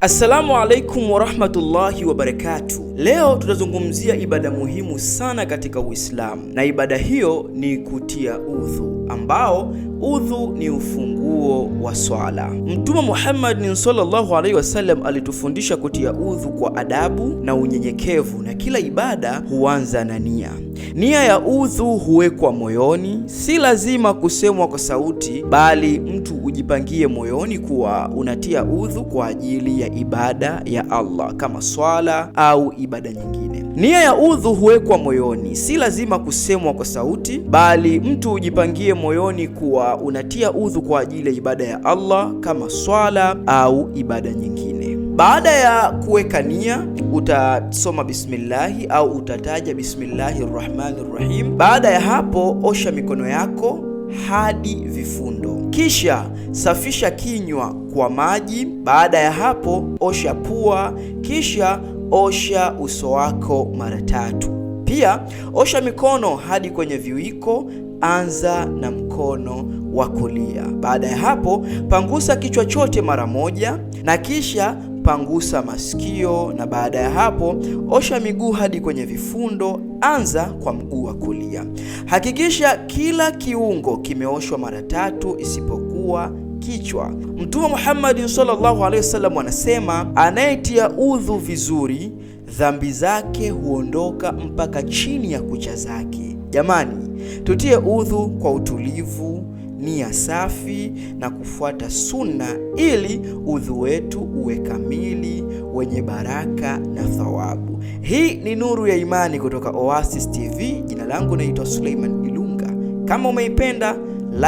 Assalamu alaikum warahmatullahi wabarakatuh. Leo tutazungumzia ibada muhimu sana katika Uislamu, na ibada hiyo ni kutia udhu, ambao udhu ni ufunguo wa swala. Mtume Muhammad sallallahu alaihi wasallam alitufundisha kutia udhu kwa adabu na unyenyekevu, na kila ibada huanza na nia. Nia ya udhu huwekwa moyoni, si lazima kusemwa kwa sauti, bali mtu ujipangie moyoni kuwa unatia udhu kwa ajili ya ibada ya Allah kama swala au ibada nyingine. Nia ya udhu huwekwa moyoni, si lazima kusemwa kwa sauti, bali mtu ujipangie moyoni kuwa unatia udhu kwa ajili ya ibada ya Allah kama swala au ibada nyingine. Baada ya kuweka nia, utasoma bismillahi au utataja bismillahi rahmani rahim. Baada ya hapo, osha mikono yako hadi vifundo, kisha safisha kinywa kwa maji. Baada ya hapo, osha pua, kisha osha uso wako mara tatu. Pia osha mikono hadi kwenye viwiko. Anza na mkono wa kulia. Baada ya hapo, pangusa kichwa chote mara moja na kisha pangusa masikio, na baada ya hapo osha miguu hadi kwenye vifundo. Anza kwa mguu wa kulia. Hakikisha kila kiungo kimeoshwa mara tatu isipokuwa kichwa. Mtume Muhammad sallallahu alaihi wasallam anasema, anayetia udhu vizuri dhambi zake huondoka mpaka chini ya kucha zake. Jamani, tutie udhu kwa utulivu nia safi na kufuata sunna ili udhu wetu uwe kamili wenye baraka na thawabu. Hii ni Nuru ya Imani kutoka Oasis TV. Jina langu naitwa Suleiman Ilunga. Kama umeipenda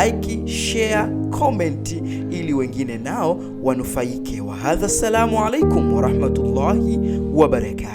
like, share, comment ili wengine nao wanufaike. Wahadha, assalamu alaikum warahmatullahi wabarakatu.